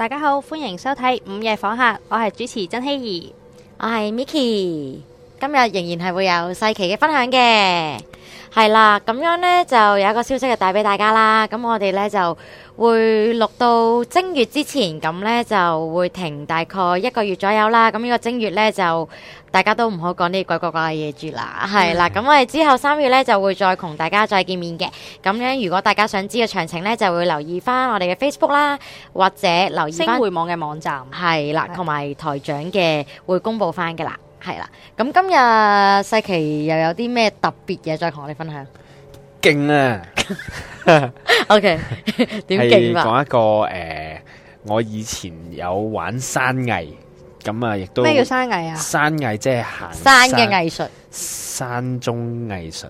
大家好，歡迎收睇午夜訪客，我係主持曾希怡，我係 Miki，今日仍然係會有世奇嘅分享嘅，係啦，咁樣呢，就有一個消息就帶俾大家啦，咁我哋呢，就。會錄到正月之前，咁呢，就會停大概一個月左右啦。咁呢個正月呢，就大家都唔好講啲鬼怪怪嘅嘢住啦，係啦。咁、mm hmm. 我哋之後三月呢，就會再同大家再見面嘅。咁樣如果大家想知嘅詳情呢，就會留意翻我哋嘅 Facebook 啦，或者留意星匯網嘅網站。係啦，同埋的台長嘅會公布翻嘅啦，係啦。咁今日世奇又有啲咩特別嘢再同我哋分享？勁啊！OK，點勁啊？係講一個誒，我以前有玩山藝，咁啊亦都咩叫山藝啊？山藝即係行山嘅藝術，山中藝術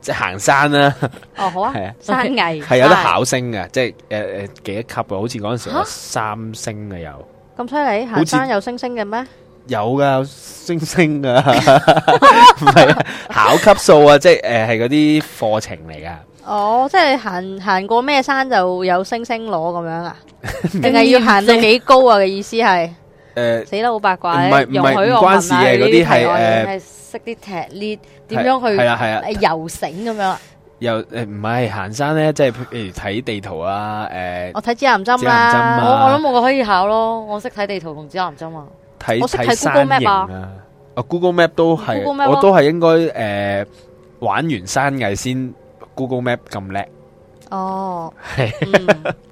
即係行山啦。哦，好啊，係啊，山藝係有得考星嘅，即係誒誒幾級啊？好似嗰陣時有三星嘅有，咁犀利行山有星星嘅咩？有噶星星噶，唔係考級數啊，即係誒係嗰啲課程嚟噶。哦，即係行行過咩山就有星星攞咁樣啊？定係要行到幾高啊？嘅意思係誒，死得好八卦，唔係唔係，唔關事嘅嗰啲係誒，係識啲踢裂，點樣去係啦係啊？游繩咁樣。游誒唔係行山咧，即係譬如睇地圖啊，誒，我睇指南針啦，我我諗我可以考咯，我識睇地圖同指南針啊。睇睇山形啊！啊，Google Map 都係，我都係應該誒，玩完山藝先 Google Map 咁叻。哦，係，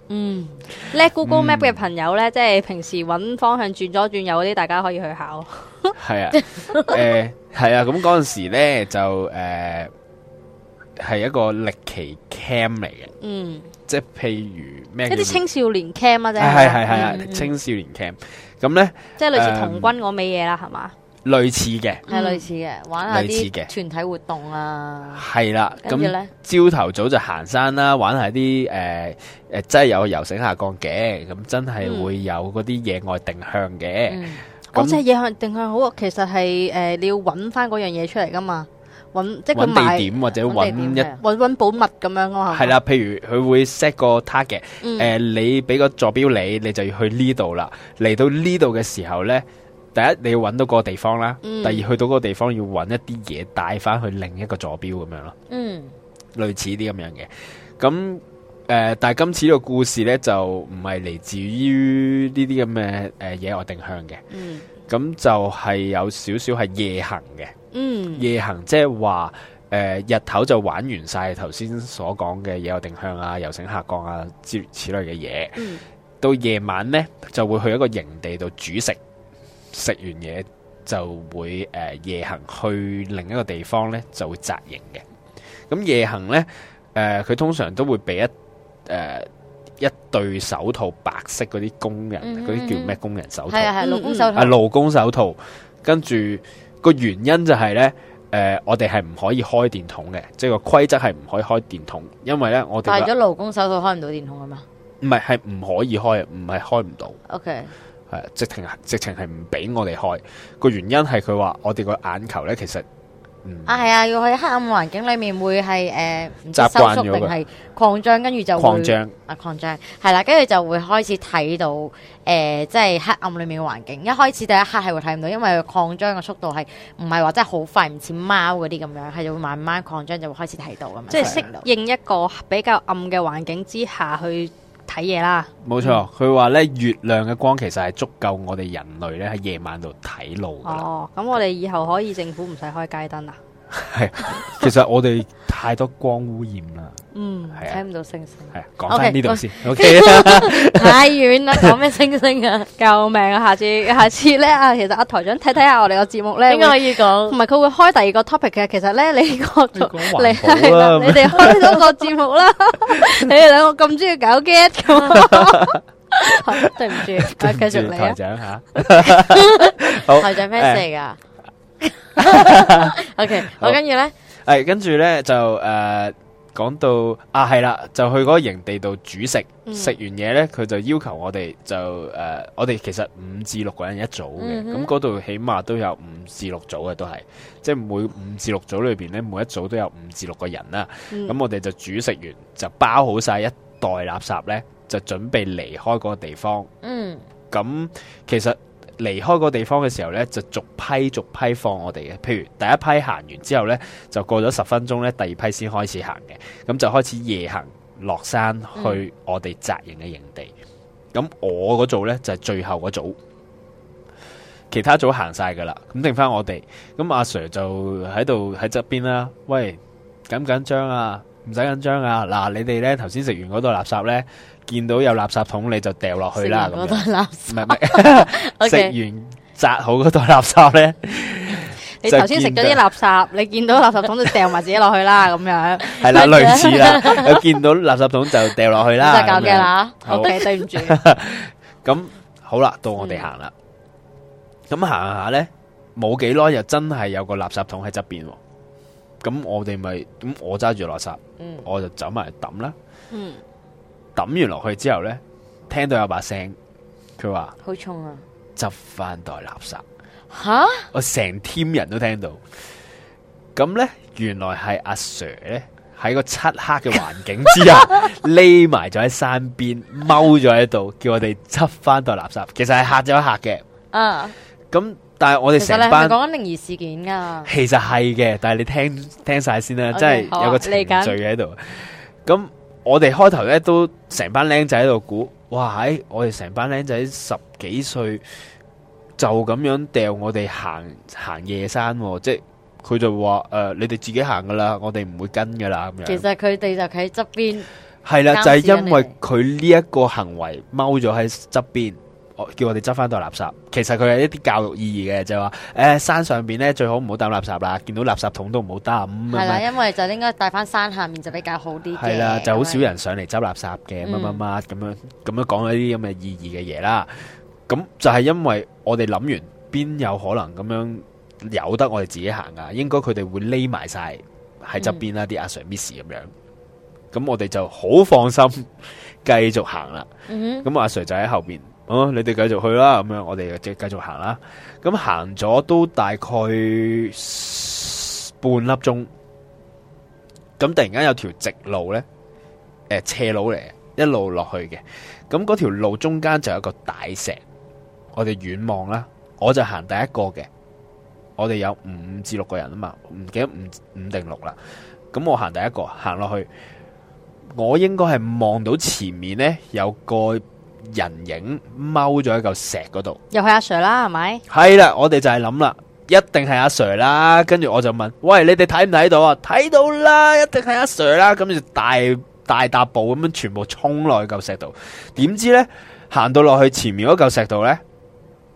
嗯，叻 Google Map 嘅朋友咧，即係平時搵方向轉左轉右嗰啲，大家可以去考。係啊，誒，係啊，咁嗰陣時咧就誒係一個歷奇 camp 嚟嘅，嗯，即係譬如咩？一啲青少年 camp 啊，啫，係係係啊，青少年 camp。咁咧，呢即係類似童軍嗰味嘢啦，係嘛、嗯？類似嘅，係類似嘅，玩下啲團體活動啊。係啦，咁咧朝頭早就行山啦，玩下啲誒誒，真係有個游繩下降嘅，咁真係會有嗰啲野外定向嘅。嗰隻、嗯、那野外定向好，其實係誒、呃、你要搵翻嗰樣嘢出嚟噶嘛。搵即係搵地點或者搵一搵搵寶物咁樣啊，係啦，譬如佢會 set 個 target 誒，你俾個坐標你，你就要去呢度啦。嚟到呢度嘅時候咧，第一你要搵到個地方啦，嗯、第二去到個地方要搵一啲嘢帶翻去另一個坐標咁樣咯。嗯，類似啲咁樣嘅，咁誒、呃，但係今次個故事咧就唔係嚟自於呢啲咁嘅誒野外定向嘅，嗯，咁就係有少少係夜行嘅。夜行即係話，誒，日頭就玩完晒頭先所講嘅嘢，有定向啊，游繩下降啊，諸如此類嘅嘢。到夜晚咧，就會去一個營地度煮食，食完嘢就會誒夜行去另一個地方咧，就會紮營嘅。咁夜行咧，誒，佢通常都會俾一誒一對手套，白色嗰啲工人嗰啲叫咩工人手套？係啊係，勞工手套。係勞工手套，跟住。個原因就係、是、咧，誒、呃，我哋係唔可以開電筒嘅，即係個規則係唔可以開電筒，因為咧我哋戴咗勞工手套開唔到電筒啊嘛，唔係，係唔可以開啊，唔係開唔到。OK，係直情啊，直情係唔俾我哋開。個原因係佢話我哋個眼球咧，其實。嗯、啊，係啊，要去黑暗環境裏面會係誒，唔、呃、知收縮定係擴張，跟住就會擴張啊，擴張係啦，跟住就會開始睇到誒，即、呃、係、就是、黑暗裏面嘅環境。一開始第一刻係會睇唔到，因為擴張嘅速度係唔係話真係好快，唔似貓嗰啲咁樣，係就會慢慢擴張，就會開始睇到咁樣。即係適應一個比較暗嘅環境之下去。睇嘢啦，冇錯，佢話咧月亮嘅光其實係足夠我哋人類咧喺夜晚度睇路噶啦。哦，咁我哋以後可以政府唔使開街燈啦。係，其實我哋太多光污染啦，嗯，係睇唔到星星。係講翻呢度先，OK，太遠啦，講咩星星啊？救命啊！下次，下次咧啊，其實阿台長睇睇下我哋個節目咧，應該可以講，唔係佢會開第二個 topic 嘅。其實咧，你個你，你哋開咗個節目啦，你哋兩個咁中意搞 get，咁啊，對唔住，繼續台長吓，好台長咩事嚟噶？O K，我跟住咧，誒 Okay, 好，跟住咧就誒、呃，講到啊，係啦，就去嗰個營地度煮食，食、嗯、完嘢咧，佢就要求我哋就誒、呃，我哋其實五至六個人一組嘅，咁嗰度起碼都有五至六組嘅，都係，即係每五至六組裏邊咧，每一組都有五至六個人啦、啊。咁、嗯、我哋就煮食完，就包好晒一袋垃圾咧，就準備離開嗰個地方。嗯，咁其實。離開個地方嘅時候呢，就逐批逐批放我哋嘅。譬如第一批行完之後呢，就過咗十分鐘呢，第二批先開始行嘅。咁就開始夜行落山去我哋紮營嘅營地。咁我嗰組呢，就係、是、最後嗰組，其他組行晒噶啦。咁定返我哋。咁阿 Sir 就喺度喺側邊啦。喂，緊唔緊張啊？唔使緊張啊！嗱，你哋咧，頭先食完嗰袋垃圾咧，見到有垃圾桶你就掉落去啦。咁，食完扎好嗰袋垃圾咧，你頭先食咗啲垃圾，你見到垃圾桶就掉埋自己落去啦。咁樣係啦，類似啦，有見到垃圾桶就掉落去啦。真係搞嘅啦，OK，對唔住。咁好啦，到我哋行啦。咁行下咧，冇幾耐又真係有個垃圾桶喺側邊。咁我哋咪咁我揸住垃圾，嗯、我就走埋抌啦。抌、嗯、完落去之後呢，聽到有把聲，佢話：好重啊！執翻袋垃圾。吓哈！我成 team 人都聽到。咁呢，原來係阿 Sir 呢，喺個漆黑嘅環境之下，匿埋咗喺山邊，踎咗喺度，叫我哋執翻袋垃圾。其實係嚇就嚇嘅。嗯、啊。咁。但係我哋成班講緊靈異事件噶，其實係嘅，但係你聽聽晒先啦，即係、okay, 啊、有個程序喺度下。咁我哋開頭咧都成班僆仔喺度估，哇！哎、我哋成班僆仔十幾歲就咁樣掉我哋行行夜山、哦，即係佢就話誒、呃，你哋自己行噶啦，我哋唔會跟噶啦咁樣。其實佢哋就喺側邊，係啦，就係、是、因為佢呢一個行為踎咗喺側邊。叫我哋執翻袋垃圾，其實佢係一啲教育意義嘅，就話、係、誒、哎、山上邊咧最好唔好抌垃圾啦，見到垃圾桶都唔好抌。係啦的，的因為就應該帶翻山下面就比較好啲。係啦，就好少人上嚟執垃圾嘅乜乜乜咁樣，咁樣講一啲咁嘅意義嘅嘢啦。咁就係因為我哋諗完，邊有可能咁樣由得我哋自己行噶？應該佢哋會匿埋晒喺側邊啦，啲、嗯、阿 Sir、Miss 咁樣。咁我哋就好放心，繼續行啦。咁阿 Sir 就喺後邊。哦，你哋繼續去啦，咁、嗯、樣我哋就繼續行啦。咁行咗都大概半粒鐘，咁、嗯、突然間有條直路呢，誒、呃、斜路嚟，一路落去嘅。咁、嗯、嗰條路中間就有一個大石，我哋遠望啦。我就行第一個嘅，我哋有五至六個人啊嘛，唔記得五五定六啦。咁、嗯、我行第一個，行落去，我應該係望到前面呢有個。人影踎咗喺嚿石嗰度，又係阿 Sir 啦，係咪？係啦，我哋就係諗啦，一定係阿 Sir 啦。跟住我就問，喂，你哋睇唔睇到啊？睇到啦，一定係阿 Sir 啦。咁就大大踏步咁樣全部衝落去嚿石度。點知呢？行到落去前面嗰嚿石度呢，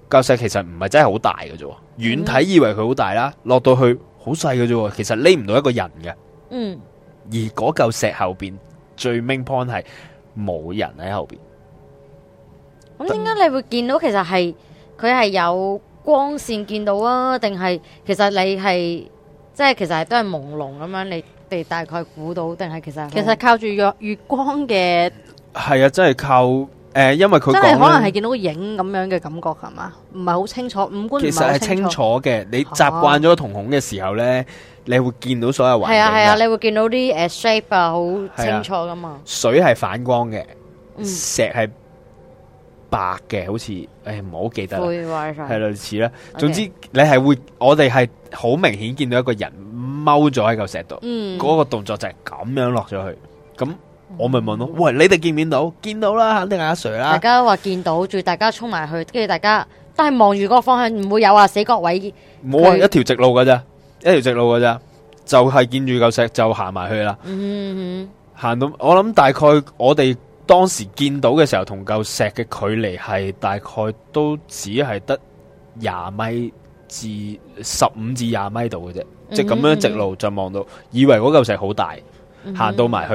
嚿石其實唔係真係好大嘅啫。遠睇以為佢好大啦，嗯、落到去好細嘅啫。其實匿唔到一個人嘅。嗯，而嗰嚿石後邊最 main point 係冇人喺後邊。咁點解你會見到其實係佢係有光線見到啊？定係其實你係即係其實係都係朦朧咁樣，你哋大概估到定係其實其實靠住月月光嘅係啊，真係靠誒，因為佢真係可能係見到影咁樣嘅感覺係嘛？唔係好清楚五官，其實係清楚嘅。你習慣咗瞳孔嘅時候咧，你會見到所有環境。係啊係啊，你會見到啲誒 shape 啊，好清楚㗎嘛。水係反光嘅，石係。白嘅好似，誒唔好記得，係類似啦。總之 Okay. 你係會，我哋係好明顯見到一個人踎咗喺嚿石度，嗰、嗯、個動作就係咁樣落咗去。咁我咪問咯，嗯、喂你哋見唔見到？見到啦，肯定阿 Sir 啦。大家話見到，仲，大家衝埋去，跟住大家都係望住嗰個方向，唔會有啊死角位。冇啊，一條直路噶咋，一條直路噶咋，就係、是、見住嚿石就行埋去啦。行、嗯、到我諗大概我哋。當時見到嘅時候，同嚿石嘅距離係大概都只係得廿米至十五至廿米度嘅啫，嗯、哼即係咁樣直路就、嗯、哼望到，以為嗰嚿石好大，行、嗯、哼到埋去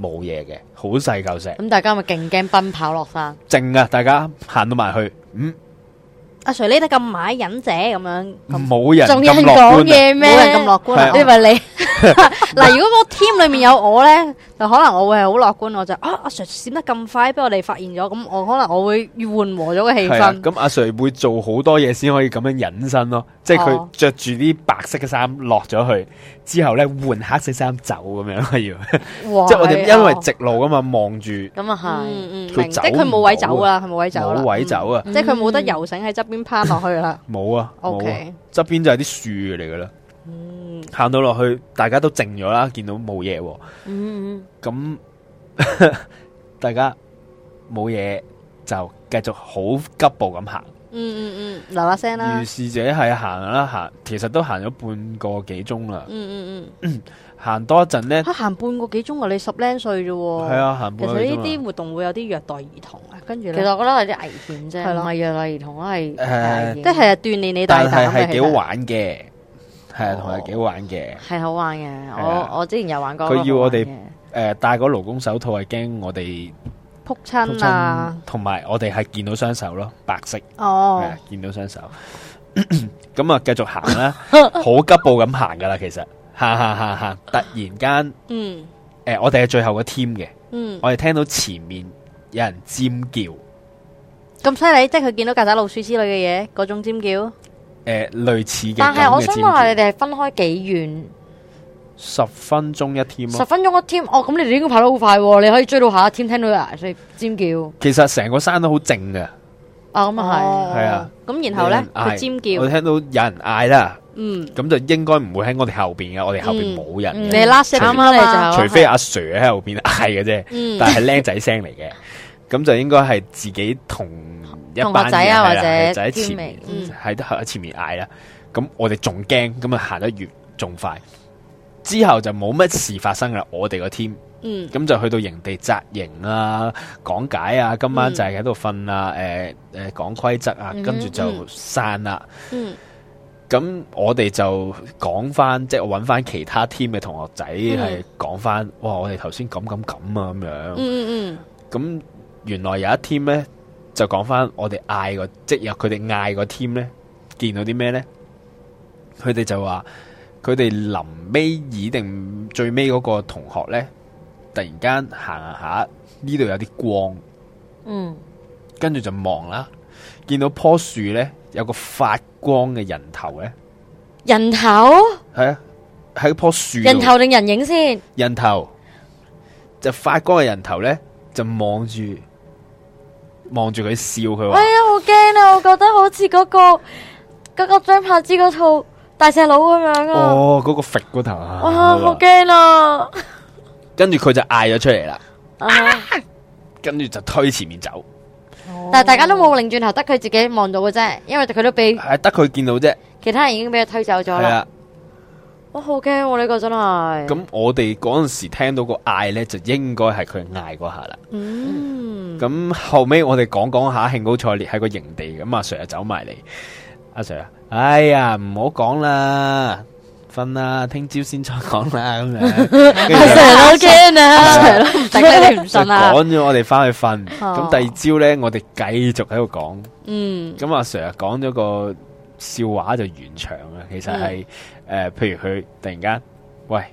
冇嘢嘅，好細嚿石。咁、嗯、大家咪勁驚奔跑落山，靜啊！大家行到埋去，嗯。阿 Sir 匿得咁埋忍者咁樣，冇人仲要講嘢咩？冇人咁樂觀。你問你嗱，如果個 team 裏面有我咧，就可能我會係好樂觀。我就啊，阿 Sir 閃得咁快，俾我哋發現咗，咁我可能我會要緩和咗個氣氛。咁阿 Sir 會做好多嘢先可以咁樣隱身咯，即係佢著住啲白色嘅衫落咗去，之後咧換黑色衫走咁樣要。哇！即係我哋因為直路啊嘛，望住咁啊係，嗯嗯明。即係佢冇位走啦，佢冇位走啦，冇位走啊！即係佢冇得游繩喺側邊。攀落去啦，冇 啊，OK，側邊就係啲樹嚟噶啦，嗯，行到落去，大家都靜咗啦，見到冇嘢，嗯，咁那 大家冇嘢就繼續好急步咁行。嗯嗯嗯，嗱嗱聲啦。如是者係行啦行，其實都行咗半個幾鐘啦。嗯嗯嗯，行多一陣咧，行半個幾鐘啊！你十零歲啫，係啊，行。其實呢啲活動會有啲虐待兒童啊，跟住，其實我覺得有啲危險啫，係啦，虐待兒童係即係鍛煉你，但係係幾好玩嘅，係同係幾好玩嘅，係好玩嘅。我我之前有玩過，佢要我哋誒戴個勞工手套，係驚我哋。撲親啊！同埋我哋係見到雙手咯，白色哦、oh.，見到雙手。咁啊，繼咳咳續行啦，好 急步咁行噶啦，其實吓吓吓吓！突然間，嗯，誒、呃，我哋係最後個 team 嘅，嗯，我哋聽到前面有人尖叫，咁犀利，即係佢見到曱甴老鼠之類嘅嘢，嗰種尖叫，誒、呃，類似嘅但是。但係我想問下你哋係分開幾遠？十分鐘一 team 咯，十分鐘一 team，哦，咁你哋應該跑得好快，你可以追到下一 team，聽到阿 Sir 尖叫。其實成個山都好靜嘅，哦咁啊係，係啊，咁然後咧，佢尖叫，我聽到有人嗌啦，嗯，咁就應該唔會喺我哋後邊嘅，我哋後邊冇人，你 last team 啦，除非阿 Sir 喺後邊嗌嘅啫，但係僆仔聲嚟嘅，咁就應該係自己同一班仔啊，或者就喺前面，喺喺前面嗌啦，咁我哋仲驚，咁啊行得越仲快。之後就冇乜事發生噶啦，我哋個 team，咁就去到營地紮營啊、講解啊，今晚就係喺度瞓啊，誒誒講規則啊，跟住、嗯、就散啦。咁、嗯、我哋就講翻，即、就、係、是、我搵翻其他 team 嘅同學仔係講翻，哇！我哋頭先咁咁咁啊咁樣，咁、嗯嗯、原來有一 team 咧就講翻，我哋嗌個即有，佢哋嗌個 team 咧見到啲咩咧，佢哋就話。佢哋臨尾爾定最尾嗰個同學咧，突然間行下呢度有啲光，嗯，跟住就望啦，見到樖樹咧有個發光嘅人頭咧，人頭，係啊，喺樖樹，人頭定人影先，人頭就發光嘅人頭咧，就望住望住佢笑，佢話，哎呀，好驚啊！我覺得好似嗰個嗰個《張柏芝嗰套。大細佬咁樣啊！哦，嗰、那個甩嗰頭啊！哇，好驚啊，啊，啊！跟住佢就嗌咗出嚟啦，跟住就推前面走。但係大家都冇擰轉頭，得佢自己望到嘅啫，因為佢都俾得佢見到啫，其他人已經俾佢推走咗啦。我、啊、好驚、啊！我、這、呢個真係。咁我哋嗰陣時聽到個嗌咧，就應該係佢嗌嗰下啦。嗯。咁、啊、後尾我哋講講下興高采烈喺個營地咁阿 Sir 又走埋嚟，阿、啊、Sir 啊。啊 Sir，哎呀，唔好講啦，瞓啦，聽朝先再講啦。咁樣阿 Sir 都驚啊，係咯， 頂得唔順啊。就趕咗我哋翻去瞓，咁第二朝咧，我哋繼續喺度講。嗯，咁阿成日 Sir 講咗個笑話就完場啦。其實係誒、嗯呃，譬如佢突然間喂，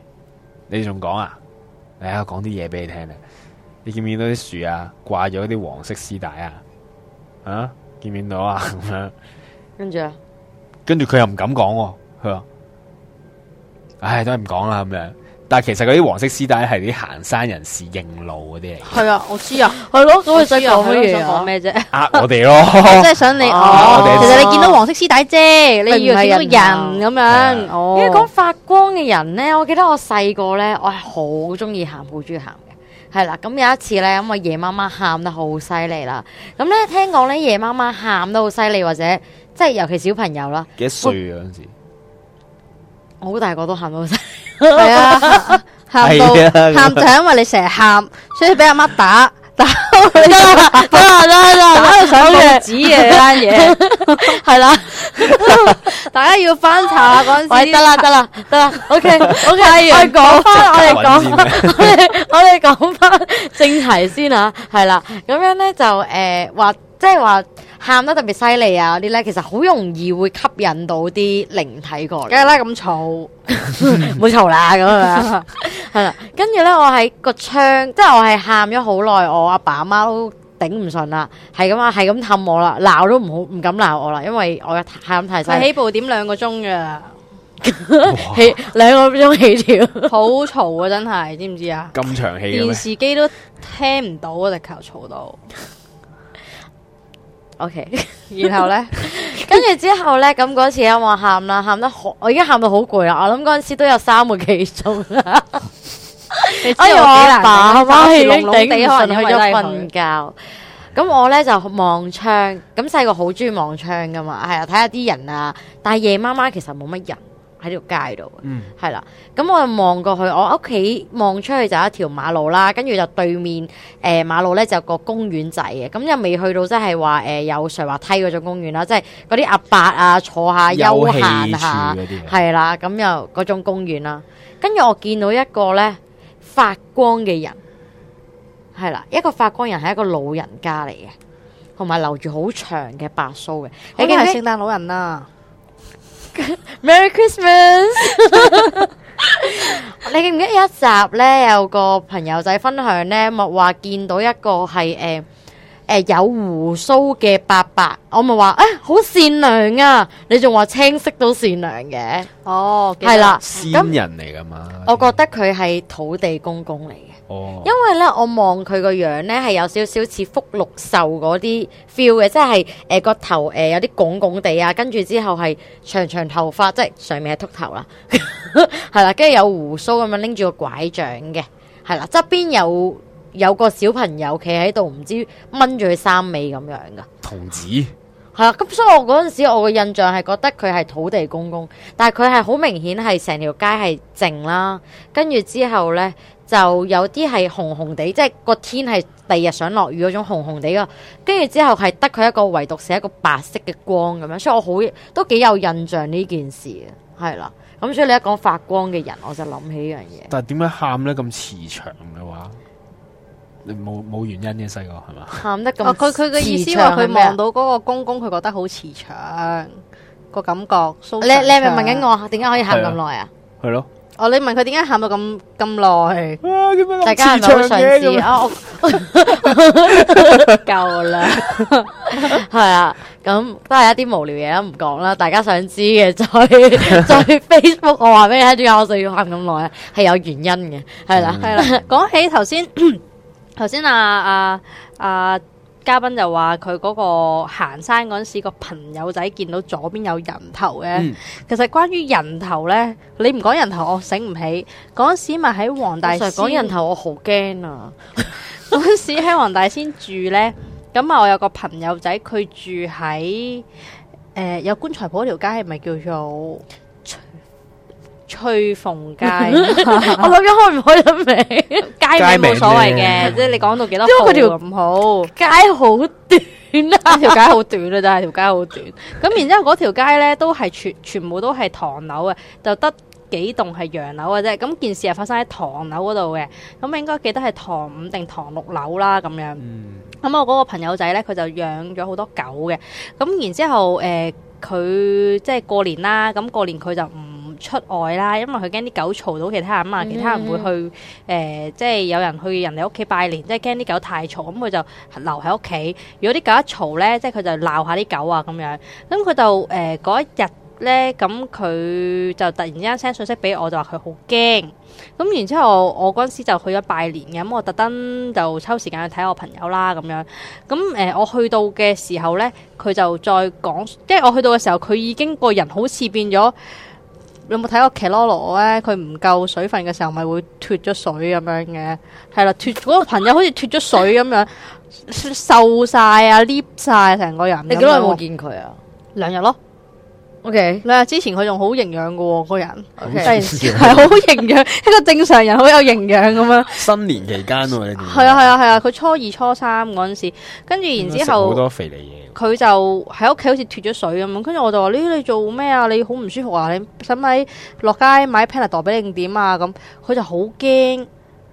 你仲講啊？哎呀，講啲嘢俾你聽啦。你見唔見到啲樹啊？掛咗啲黃色絲帶啊？啊，見唔見到啊？咁樣跟住啊？跟住佢又唔敢講，佢話：，唉，都係唔講啦咁樣。但係其實嗰啲黃色絲帶係啲行山人士認路嗰啲嚟。係啊，我知啊，係咯，咁 你想講乜嘢啊？想講咩啫？呃，我哋咯，即係想你其實你見到黃色絲帶啫，啊、你要睇個人咁樣。因為講發光嘅人咧，我記得我細個咧，我係好中意喊，好中意喊嘅。係啦，咁有一次咧，咁我夜媽媽喊得好犀利啦。咁咧聽講咧，夜媽媽喊得好犀利，或者。即係尤其小朋友啦，幾歲 啊？嗰陣時，我好大個都喊到死，係啊，喊到喊就係因為你成日喊，所以俾阿媽打打，打打， 到想搵紙嘅番嘢，係啦。大家要翻查嗰陣時，得啦得啦得啦，OK OK，發完 我哋講翻，我哋講，我哋我哋講翻正題先吓、啊，係啦、啊。咁樣咧就誒話，即係話。喊得特別犀利啊！嗰啲咧，其實好容易會吸引到啲靈體過嚟。梗係啦，咁嘈，唔好嘈啦咁樣，係啦。跟住咧，我喺個窗，即係我係喊咗好耐，我阿爸阿媽都頂唔順啦，係咁啊，係咁氹我啦，鬧都唔好，唔敢鬧我啦，因為我喊太細。係起步點兩個鐘噶， 起兩個鐘起跳，哇好嘈啊！真係，知唔知啊？咁長氣，電視機都聽唔到啊！直頭嘈到。OK， 然後咧，跟住之後咧，咁嗰次我喊啦，喊得好，我已經喊到好攰啦，我諗嗰陣時都有三個幾鐘啦。哎呀呦，我爸媽媽係隆，隆隆地瞓去咗瞓覺，咁我咧就望窗，咁細個好中意望窗噶嘛，係啊，睇下啲人啊，但係夜媽媽其實冇乜人。喺呢條街度，係啦、嗯。咁我望過去，我屋企望出去就一條馬路啦，跟住就對面誒、呃、馬路咧就有個公園仔嘅，咁、嗯、又未去到即係話誒有上滑梯嗰種公園啦，即係嗰啲阿伯啊坐下休閒下，係啦，咁又嗰種公園啦。跟住我見到一個咧發光嘅人，係啦，一個發光人係一個老人家嚟嘅，同埋留住好長嘅白鬚嘅，已經係聖誕老人啦。Merry Christmas！你記唔記得一集呢，有個朋友仔分享呢，咪話見到一個係誒誒有鬍鬚嘅伯伯，我咪話誒好善良啊！你仲話青色都善良嘅哦，係啦，仙人嚟噶嘛？我覺得佢係土地公公嚟。哦，因為咧，我望佢個樣咧，係有少少似福祿壽嗰啲 feel 嘅，即係誒個頭誒、呃、有啲拱拱地啊，跟住之後係長長頭髮，即係上面係禿頭啦，係 啦，跟住有鬍鬚咁樣拎住個拐杖嘅，係啦，側邊有有個小朋友企喺度，唔知掹住佢三尾咁樣噶，童子係啦，咁所以我嗰陣時我嘅印象係覺得佢係土地公公，但係佢係好明顯係成條街係靜啦，跟住之後咧。就有啲係紅紅地，即係個天係第二日想落雨嗰種紅紅地咯。跟住之後係得佢一個，唯獨射一個白色嘅光咁樣，所以我好都幾有印象呢件事啊，係啦。咁所以你一講發光嘅人，我就諗起呢樣嘢。但係點解喊咧，咁慈祥嘅話，你冇冇原因嘅細個係嘛？喊得咁佢佢嘅意思話佢望到嗰個公公，佢覺得好慈祥個感覺。你你係咪問緊我點解可以喊咁耐啊？係咯。哦，你問佢點解喊到咁咁耐？大家係咪好想知啊！夠啦，係啊，咁都係一啲無聊嘢啦，唔講啦。大家想知嘅，再在 Facebook 我話俾你聽住，我就要喊咁耐啊？係有原因嘅，係啦，係啦。講起頭先，頭先啊啊啊！嘉賓就話佢嗰個行山嗰陣時，個朋友仔見到左邊有人頭嘅。嗯、其實關於人頭呢，你唔講人頭，我醒唔起。嗰陣時咪喺黃大，講人頭我好驚啊！嗰 陣時喺黃大仙住呢，咁啊，我有個朋友仔，佢住喺誒、呃、有棺材鋪條街，係咪叫做？吹鳳街， 我諗緊開唔開得未？街，街名冇所謂嘅，即係你講到幾多，因為佢條唔好，街好短啦，條街好短啊，真係條街好短。咁然之後嗰條街咧，都係全全部都係唐樓啊，就得幾棟係洋樓嘅啫。咁件事係發生喺唐樓嗰度嘅，咁應該記得係唐五定唐六樓啦咁樣。咁、嗯、我嗰個朋友仔咧，佢就養咗好多狗嘅。咁然之後誒，佢、呃、即係過年啦，咁過年佢就唔出外啦，因為佢驚啲狗嘈到其他人嘛，mm hmm. 其他人會去誒、呃，即係有人去人哋屋企拜年，即係驚啲狗太嘈，咁佢就留喺屋企。如果啲狗一嘈咧，即係佢就鬧下啲狗啊咁樣。咁佢就誒嗰、呃、一日咧，咁佢就突然之間 send 信息俾我，我，就話佢好驚。咁然之後，我嗰陣時就去咗拜年嘅，咁我特登就抽時間去睇我朋友啦咁樣。咁誒、呃，我去到嘅時候咧，佢就再講，即係我去到嘅時候，佢已經個人好似變咗。有冇睇過《Keroro》咧？佢唔夠水分嘅時候，咪會脫咗水咁樣嘅。係啦，脫嗰、那個朋友好似脫咗水咁樣，瘦晒啊，lift 晒成個人。你幾耐冇見佢啊？兩日咯。OK，兩日之前佢仲好營養嘅喎，個人真係，係好營養，一個正常人好有營養咁樣。 新年期間喎、啊，你係啊係啊係啊，佢初二初三嗰陣時，跟住然後應該然後之後好多肥膩嘢。佢就喺屋企好似脫咗水咁，跟住我就話：你你做咩啊？你好唔舒服啊！你使唔使落街買 Panadol 俾你定點啊？咁佢就好驚，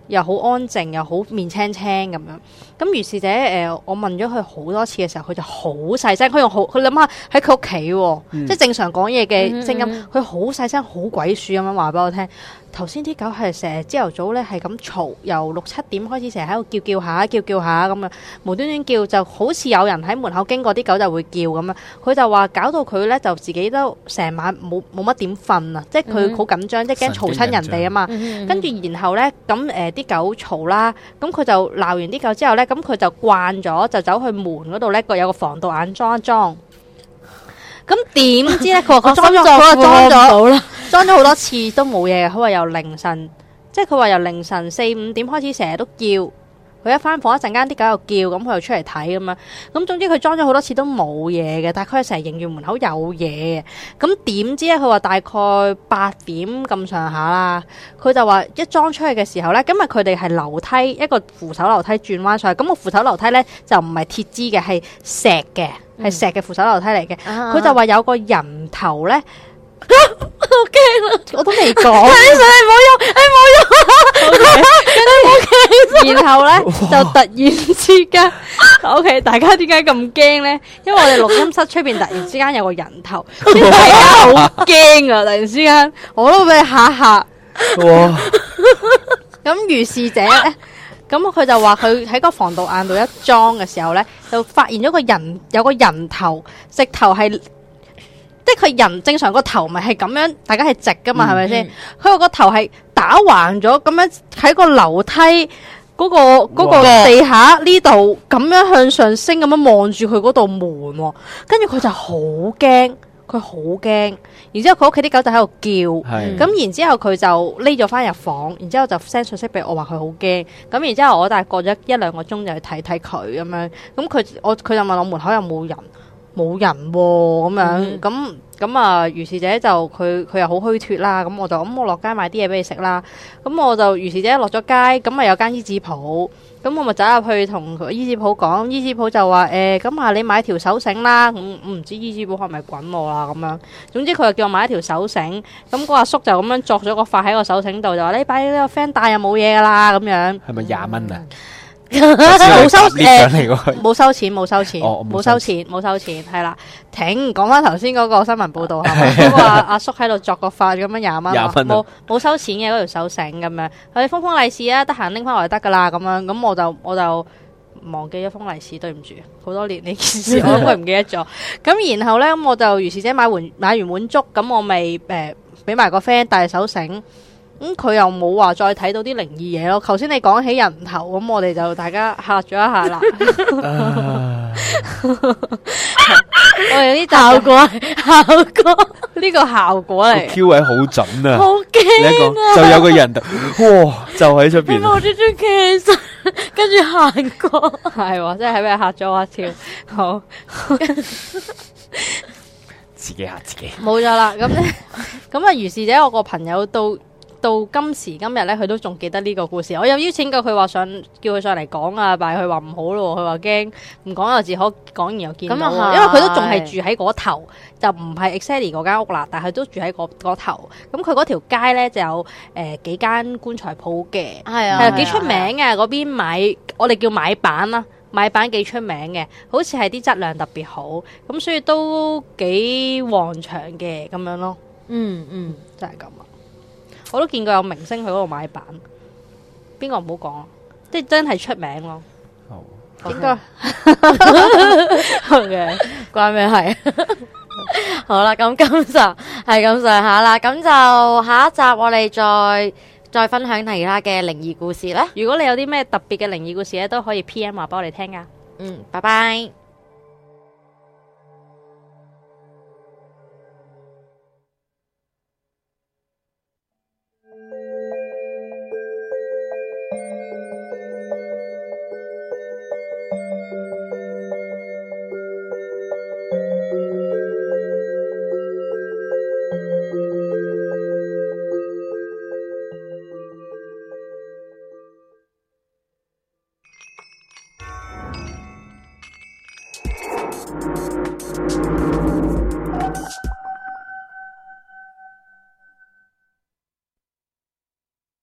又好安靜，又好面青青咁樣。咁如是者誒，我問咗佢好多次嘅時候，佢就好細聲。佢用好，佢諗下喺佢屋企喎，即係正常講嘢嘅聲音。佢好細聲，好鬼鼠咁樣話俾我聽。頭先啲狗係成日朝頭早咧，係咁嘈，由六七點開始成日喺度叫叫下，叫叫下咁啊，無端端叫就好似有人喺門口經過，啲狗就會叫咁樣。佢就話搞到佢咧，就自己都成晚冇冇乜點瞓啊，即係佢好緊張，即係驚嘈親人哋啊嘛。跟住然後咧，咁誒，啲狗嘈啦，咁佢就鬧完啲狗之後咧。咁佢、嗯、就慣咗，就走去門嗰度呢個有個防盜眼裝一裝。咁點知呢？佢話裝咗，裝咗好多次都冇嘢。佢話由凌晨，即係佢話由凌晨四五點開始，成日都叫。佢一翻房一陣間啲狗又叫，咁佢又出嚟睇咁樣，咁總之佢裝咗好多次都冇嘢嘅，但係佢係成日認住門口有嘢嘅，咁點知咧佢話大概八點咁上下啦，佢就話一裝出去嘅時候咧，今日佢哋係樓梯一個扶手樓梯轉彎上去，咁、那個扶手樓梯咧就唔係鐵枝嘅，係石嘅，係、嗯、石嘅扶手樓梯嚟嘅，佢、嗯、就話有個人頭咧。我驚啦，我都未講，起身你冇用，你冇用，你冇起身。然後咧就突然之間，OK，大家點解咁驚咧？因為我哋錄音室出邊突然之間有個人頭，大家，好驚啊！突然之間，我都俾你吓吓。哇！咁於是者咧，咁佢就話佢喺個防盜眼度一裝嘅時候咧，就發現咗個人有個人頭，直頭係。即係佢人正常個頭咪係咁樣，大家係直噶嘛，係咪先？佢吧話個頭係打橫咗咁樣喺個樓梯嗰個個地下呢度咁樣向上升咁樣望住佢嗰度門，跟住佢就好驚，佢好驚。然之後佢屋企啲狗仔喺度叫，咁是然之後佢就匿咗翻入房，然之後就 send 訊息俾我話佢好驚。咁然之後我但係過咗一兩個鐘就去睇睇佢咁樣，咁佢我佢就問我門口有冇人。冇人喎、哦，咁樣咁咁啊！於、mm hmm. 嗯、是姐就佢佢又好虛脫啦，咁我就咁、嗯、我落街買啲嘢俾你食啦。咁、嗯、我就於是姐落咗街，咁啊有間衣紙舖，咁、嗯、我咪走入去同佢，衣紙舖講，衣紙舖就話誒，咁、嗯、啊你買條手繩啦，咁、嗯、唔知衣紙舖係咪滾我啦咁樣。總之佢就叫我買一條手繩，咁嗰阿叔就咁樣作咗個法喺個手繩度，就話你擺呢個 friend 戴又冇嘢噶啦咁樣。係咪廿蚊啊？嗯冇收誒，冇 收錢，冇收錢，冇、哦、收錢，冇收錢，係啦。停，講翻頭先嗰個新聞報道係嘛？都話 阿叔喺度作個法咁樣廿蚊，冇冇 收錢嘅嗰條手繩咁樣，佢封封利是，啊得閒拎翻嚟得噶啦咁樣。咁我就我就忘記咗封利是，對唔住，好多年呢件事我都唔記得咗。咁 然後咧，我就如是者買完買完碗粥，咁我咪誒俾埋個 friend 帶手繩。咁佢又冇話再睇到啲靈異嘢咯。頭先你講起人頭，咁我哋就大家嚇咗一下啦。我哋有啲效果效果呢個效果嚟，Q 位好準啊！好驚啊！就有個人，就喺出邊，跟住行過，係即係俾人嚇咗我一跳。好，自己嚇自己，冇咗啦。咁咧，咁啊，於是者我個朋友到。到今時今日咧，佢都仲記得呢個故事。我有邀請過佢話想，叫佢上嚟講啊，但係佢話唔好咯，佢話驚唔講又自可，講完又見唔到。咁又係，因為佢都仲係住喺嗰頭，就唔係 Xenia 嗰間屋啦。但係佢都住喺嗰嗰頭。咁佢嗰條街咧就有誒幾間棺材鋪嘅，係啊，幾出名嘅嗰邊買，我哋叫買板啦，買板幾出名嘅，好似係啲質量特別好。咁所以都幾旺場嘅咁樣咯。嗯嗯，就係咁啊。我都見過有明星去嗰度買版，邊個唔好講啊！即係真係出名咯，點解？好嘅，怪咩係？好啦，咁今集係咁上下啦，咁、就是、就下一集我哋再再分享其他嘅靈異故事啦。如果你有啲咩特別嘅靈異故事咧，都可以 P. M. 話俾我哋聽噶。嗯，拜拜。